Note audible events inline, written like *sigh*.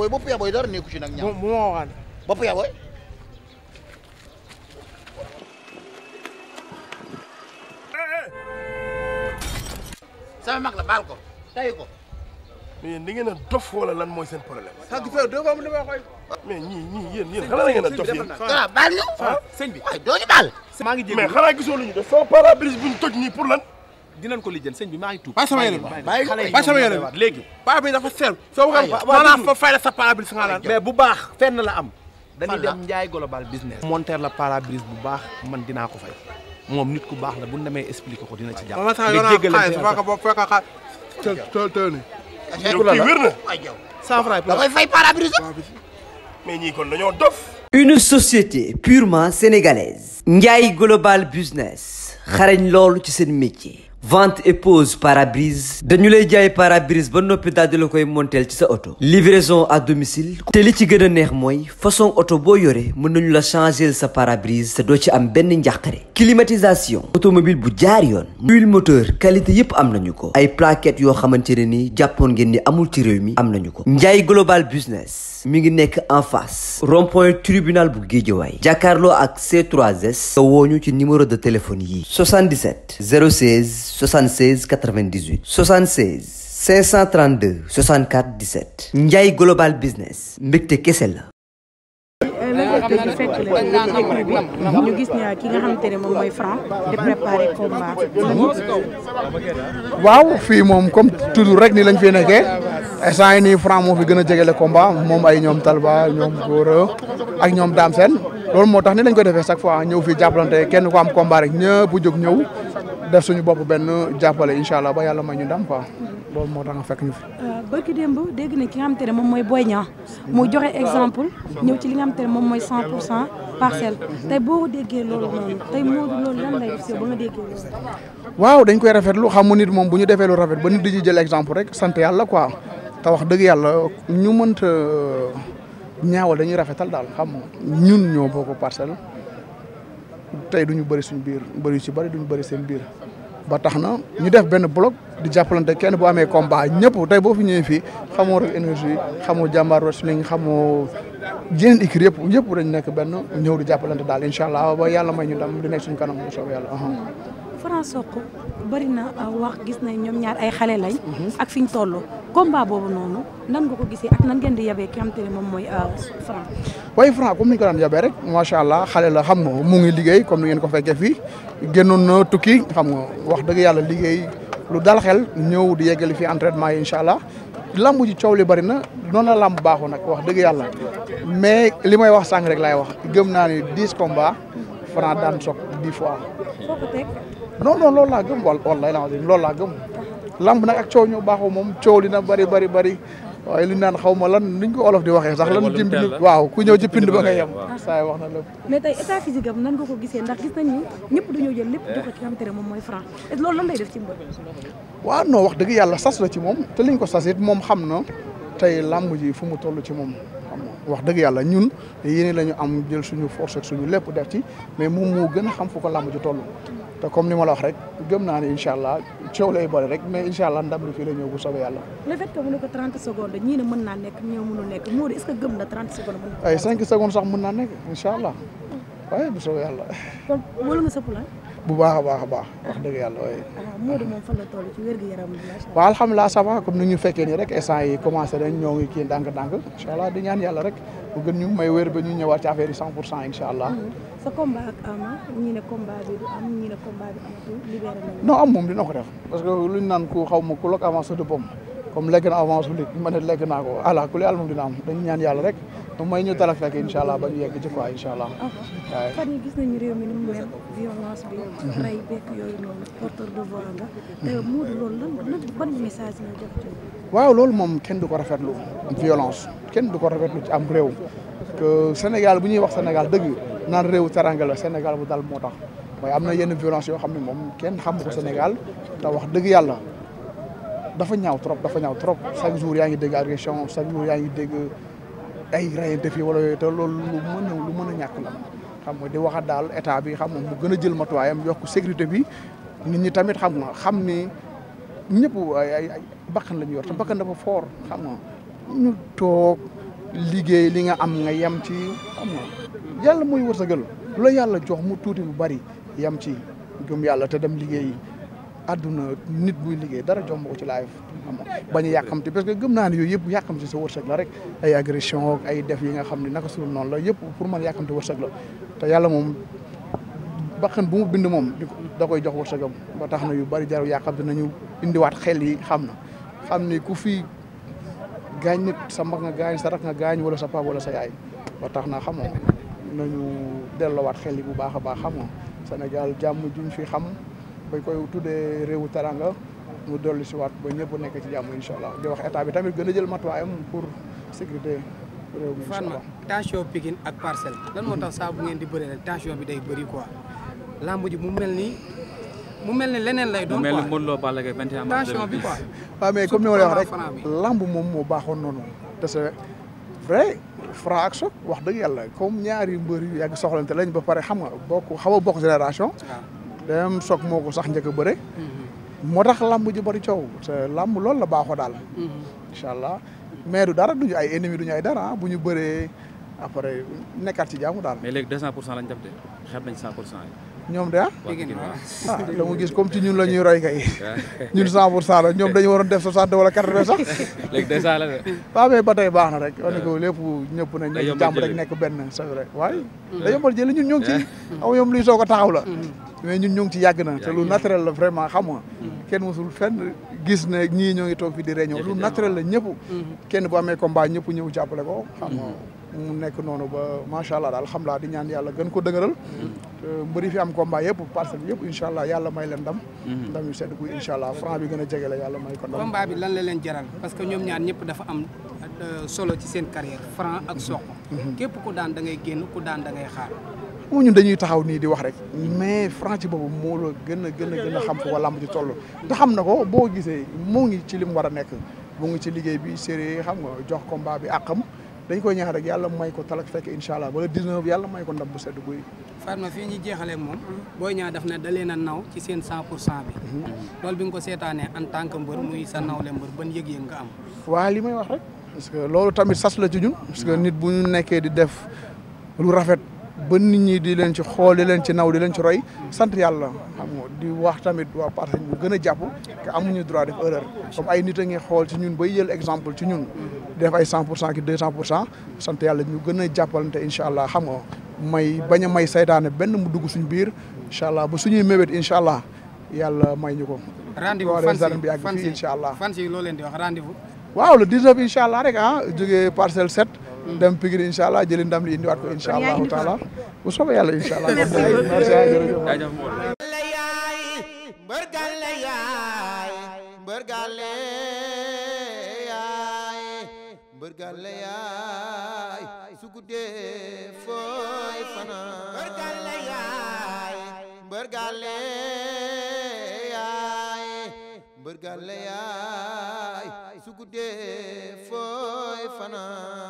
booy bopp yaa booy dara nekku ci nag. ñaar bu ma waxaan bopp yaa booy. sama mag la baal ko tay ko. mais yéen da ngeen a dof wala lan mooy seen problème. ah du fee doo ko am dama koy. mais ñii ñii yéen yéen xanaa la ngeen a dof yéen. waaw doo ñu baal. maa ngi jéem mais xanaa gisoo lu ñu nii pour lan. dinañ ko lijjën sëñ bi maa ngi tuub. bàyyi sama yére bàyyi sama yére léegi. paa bi dafa seer soo ko xam fa fay la sa pare-brise nga la mais bu baax fenn la am. dañuy dem Ndiaye global business. monter la pare-brise bu baax man dinaa ko fay moom nit ku baax la bu ñu demee expliqué ko dina ci jàpp. léegi dégg nañ ci une société purement sénégalaise. Ndiaye Global Business xarañ loolu ci seen métier. vente et pose pare dañu lay jaay pare ba noppi daldi la koy monteel ci sa oto livraison à domicile te li ci gën a neex mooy façon oto boo yore mën nañu la changer sa parabrise brise te doo ci am benn njàqare climatisation automobile bu jaar yoon huile moteur qualité yépp am nañu ko ay plaquettes yoo xamante ne ni jàppoon ngeen ni amul ci réew mi am nañu ko Ndiaye global business mi ngi nekk en face rond tribunal bu Guédiawaye jàkkaarloo ak C3S nga wooñu ci numéro de téléphone yii 77 016 76 98 76 532 64 17 Ndiaye Global Business mbégte kese la ñu fekk la ñu gis ne waaw fii moom comme toujours rek ni lañ fi nekkee instant yii nii Franc moo fi gën a jegele combat moom ay ñoom Talba ñoom Gora ak ñoom Dame Sène loolu moo tax ni lañ ko defee chaque fois ñëw fii jàppalante kenn ko am combat rek ñëpp bu jóg ñëw. def suñu bopp benn jàppale incha allah ba yàlla may ñu ndam quoi loolu moo tax nga fekk ñu fi. Euh, barki démb dégg na ki nga xamante ne moom mooy booy Niang mu joxe exemple ñëw ci li nga xamante ne moom mooy 100 pour cent tey boo déggee loolu noonu waaw dañ koy rafetlu xam nga nit moom bu ñu defee lu rafet ba nit dañuy jël exemple rek sant yàlla quoi te dëgg yàlla ñu mënta euh, ñaawal dañuy rafetal daal xam nga ñun parcelle tey du ñu bëri suñu biir bëri si bari bëri du ñu bëri seen biir. ba tax na ñu def benn bloc di jàppalante kenn bu amee combat ñëpp tey boo fi ñëwee fii xamoo rek énergie xamoo jàmbaar wrestling xamoo yeneen écurie yëpp yëpp dañ nekk benn ñëw di jàppalante daal incha allah ba yàlla may ñu dem di nekk suñu kanam bu soobee yàlla. Uh-huh. Franc Sokh bari na ah, wax gis nañ ñoom ñaar ay xale lañ. ak fi ñu toll combat boobu noonu nan nga ko gisee ak nan di yabee ki xam moom mooy ah, Franc. waaye Franc comme ni ñu ko daan yabee rek macha allah xale la xam nga mu ngi liggéey comme ni ngeen ko fekkee fii génnoon na tukki xam nga wax dëgg yàlla liggéey lu dal ñëw di yeggali fii entraînement yi allah. lamb ji coow li bari na noonu la lamb baaxoo nag wax dëgg yàlla mais li may wax sànq rek laay wax gëm naa ne dix combats Franc daan Sokh dix fois. non non loolu laa gëm wallaay laa loolu laa gëm lamb na ak coow ñu baaxoo moom coow li na bëri bëri waaye li naan xaw ma lan niñ ko olof di waxee sax lan jëm waaw ku ñëw ci pind ba nga yem wax na lépp mais tey état physique am gisee ndax gis ñëpp dañoo jël lépp jox ko ki nga xamante ne moom lan lay def ci mbër waaw non wax dëgg yàlla sas la ci moom te liñ ko sas it moom xam na tey lamb ji fu mu toll ci moom wax dëgg yàlla ñun yéene la ñu am jël suñu force ak suñu lépp def ci mais moom moo gën a xam fu ko làmb ji toll te comme ni ma la wax rek gëm naa ne incha allah coow lay bëri rek mais incha allah ndam li fii la ñëw bu soobee yàlla. le fait que mu ne ko 30 secondes ñii ne mën naa nekk ñoo mënul nekk Modou est-ce que gëm na 30 secondes. ay sax mën naa nekk incha allah hmm. waaye bu soobee yàlla. kon nga sa plan. bu baax a baax a baax wax dëgg yàlla waaye. Ah, Modou alhamdulilah ça va comme ni ñu fekkee nii rek instant yi commencé nañ ñoo ngi kii ndànk-ndànk incha allah di ñaan yàlla rek bu gën wér ba ñu ñëwaat ci affaire yi 100 pour cent incha allah. Mm-hmm. sa combat am ñii ne moom dina ko def parce que luñ naan ku xaw ma ku lok avance de pomme comme lekk na avance bu nit lekk naa ko ku kulli al moom dina am dañu ñaan yàlla rek mooy ñu talak rek incha allah ba ñu yegg ci quoi incha allah. Euh, loolu moom kenn du ko rafetlu violence kenn du ko rafetlu ci am réew. que Sénégal bu ñuy wax Sénégal dëgg naan réew teranga la Sénégal bu dal moo tax mooy am na yenn violence yoo xam ne moom kenn xamu ko Sénégal te wax dëgg yàlla. dafa ñaaw trop dafa ñaaw trop chaque jour yaa ngi dégg yaa ngi dégg ay rayante fii wala yooyu te loolu lu mën a lu mën a ñàkk la xam nga di waxaat daal état bi xam nga mu gën a jël matuwaayam yokk sécurité bi nit ñi tamit xam nga xam ni ñëpp ay ay bakkan la ñu yor te bakkan dafa foor xam nga ñu toog liggéey li nga am nga yem ci xam nga yàlla mooy wërsëgal lu la yàlla jox mu tuuti bu bari yem ci gëm yàlla te dem liggéey yi àdduna nit buy liggéey dara jomb ko ci live am bañ a yàqamti parce que gëm naa ne yooyu yëpp yàqamti sa wërsëg la rek ay agression ay def yi nga xam ne nag suul noonu la yëpp pour man yàqamti wërsëg la te yàlla moom bu mu bind moom da koy jox wërsëgam ba tax na yu bari jaru yàqamti nañu indiwaat xel yi xam na xam ni ku fi gaañ nit sa mag nga gaañ sa rak nga gaañ wala sa pap wala sa yaay ba tax na xamoo nañu delloowaat xel yi bu baax a baax xamoo Sénégal jàmm juñ fi xam bañ koy tuddee réew taranga mu dolli si waat ba ñëpp nekk ci jàmm incha allah di wax état bi tamit gën a jël matuwaayam pour sécurité réew mi incha allah tension Pikine ak Parcelles lan moo tax saa ngeen di bëri rek tension bi day bëri quoi lamb ji mu mel ni mu mel ni leneen lay doon quoi mu mel ni tension bi quoi. waaw mais comme ni ma lay wax rek lamb moom mu baaxoon noonu te c'est vrai Franc ak Sokh wax dëgg yàlla comme ñaari mbër yu yàgg soxlante lañ ba pare xam nga bokk xaw a bokk génération. day am soog moo ko sax njëkk a bëre. moo tax lamb ji bëri coow te làmb loolu la baaxoo daal. incha allah mais du dara duñu ay ennemis duñu ay dara bu ñu bëree après nekkaat ci jaamu daal. mais léegi deux cent pour cent lañ def de xeeb nañ cent pour cent yi. ñoom de ah. ah la mu gis comme ci ñun la ñuy roy kay. *laughs* ñun 100 pour cent la ñoom dañu waroon def 60 wala 80 sax. *laughs* léegi 200 la de. ba tey baax na rek. waaw ko lépp ñëpp nañ. day jàmm rek nekk benn sawi rek waaye. Mm. da yombal jëli ñun ñu ngi ci. aw ñoom luy soog a taxaw la. Mm-hmm. mais ñun ñu ngi ci yàgg na te lu naturel la vraiment xam nga. Mm-hmm. kenn mosul fenn gis ne ñii ñoo ngi toog fi di réunion lu naturel la ñëpp. Mm-hmm. kenn bu amee combat ñëpp ñëw jàppale ko xam nga. mu nekk noonu ba macha allah daal xam laa di ñaan yàlla gën ko dëgëral. mbëri fi am combat yëpp parce que yëpp incha allah yàlla may leen dam mhm. ndam yu sedd ko incha allah franc bi gën a jege la yàlla may ko ndam. combat bi lan la leen jaral parce que ñoom ñaar ñëpp dafa am euh, solo ci seen carrière franc ak mhm. Sokh. Mhm. képp ku daan da ngay génn ku daan dangay xaar. moom ñu dañuy taxaw nii di wax rek mais franc ci boobu moo la gën a gën a gën a xam fu ko làmb ci toll te xam na ko boo gisee moo ngi ci li mu war a nekk mu ngi ci liggéey bi sérieux xam nga jox combat bi àqam dañ koy ñaax rek yàlla may ko talak fekk incha allah wala 19 yàlla may ko ndam bu sedd guy. Fatma fii ñu jeexalee moom. Boy Niang daf ne dalee na naw ci seen 100 pour cent bi. Mhm. loolu bi nga ko seetaanee en tant que mbër muy sa nawle mbër ban yëg-yëg nga am. waaw li may wax rek. parce que loolu tamit sas la ci parce que nit bu ñu nekkee di def lu rafet. ba nit ñi di leen ci xool leen ci naw di leen ci roy sant yàlla xam di wax tamit waa parce ñu gën a jàpp que amuñu droit def erreur comme ay nit a ngi xool ci ñun bay jël exemple ci ñun def ay cent pour cent ki deux cent pour cent sant yàlla ñu gën a jàppalante incha allah xam nga may bañ a may saytaane benn mu dugg suñu biir incha allah ba suñuy mébét incha allah yàlla may ñu ko rendez-vous fan bi ak fii incha allah fan si loo leen di wax rendez-vous waaw le 19 incha dem Pikine incha allah jëli ndam li indiwaat ko incha allahu taala bu soobee yàlla incha allah. merci jërëjëf yaay mbërgale yaay mbërgale yaay mbërgale yaay su guddee fooy fanaan mbërgale yaay mbërgale yaay mbërgale yaay su guddee fooy fanaan